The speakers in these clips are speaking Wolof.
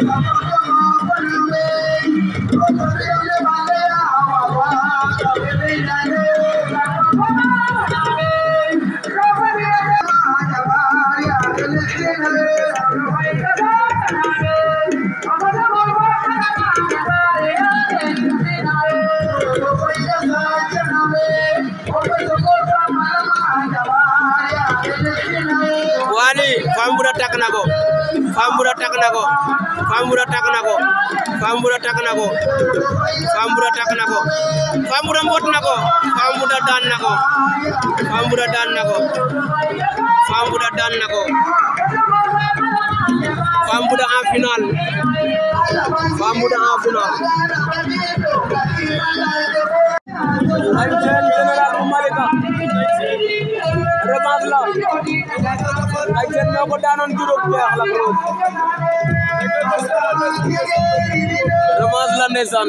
Wani, kamu udah tak kena kok. Fambura tak na ko Fambura tak na ko Fambura tak na ko Fambura tak na ko Fambura mbot na ko Fambura dan na ko Fambura dan Fambura dan Fambura en final Fambura en final General revanche la ay jël na ko daanoon juróom jeex la ko revanche la ndeysaan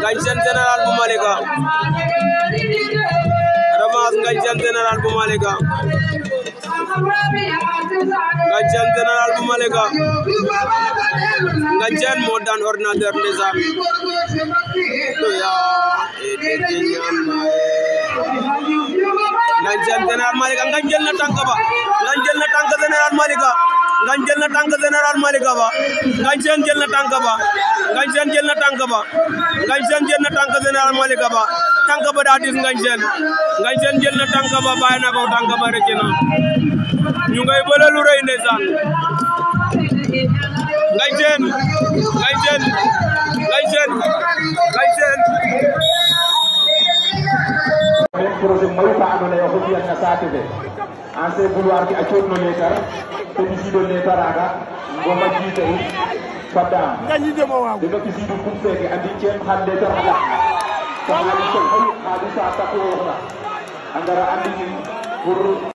ngañ seen général bu Malika revanche ngañ seen général bu Malika ngañ seen général bu Malika ngañ seen moo daan ordinateur ndeysaan général Malika ngañ jël na tànk ba ngañ jël na tànk général Malika ngañ jël na tànk général Malika ba ngañ seen jël na tànk ba ngañ seen jël na tànk ba ngañ seen jël na tànk général Malika ba tànk ba daa dis ngañ seen ngañ seen jël na tànk ba bàyyi na ko tànk ba rëcc na ñu ngay bële lu rëy ndeysaan ngañ seen ngañ seen mawka andoona yee o xobbi'an no saate fe ancien bouleward ke a cooxno leetar to ɓisiido leetaraaga ngoma jiite in fadaam deno ɓisiidu kum feeke andi ceem xan leetar a ɗax to xaali ten xaɗi sa taku oxna a ngara andinin pour